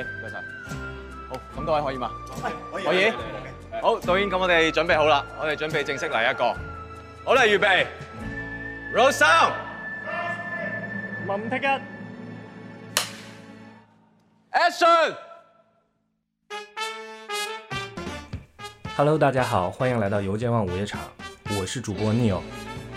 唔該晒！好，咁多位可以嘛？可以，可以，是是是是是，好，導演，咁我哋準備好啦，我哋準備正式嚟一個，好啦，預備，Rose，林聽一，Action，Hello，大家好，歡迎來到油尖旺午夜場，我是主播 Neil。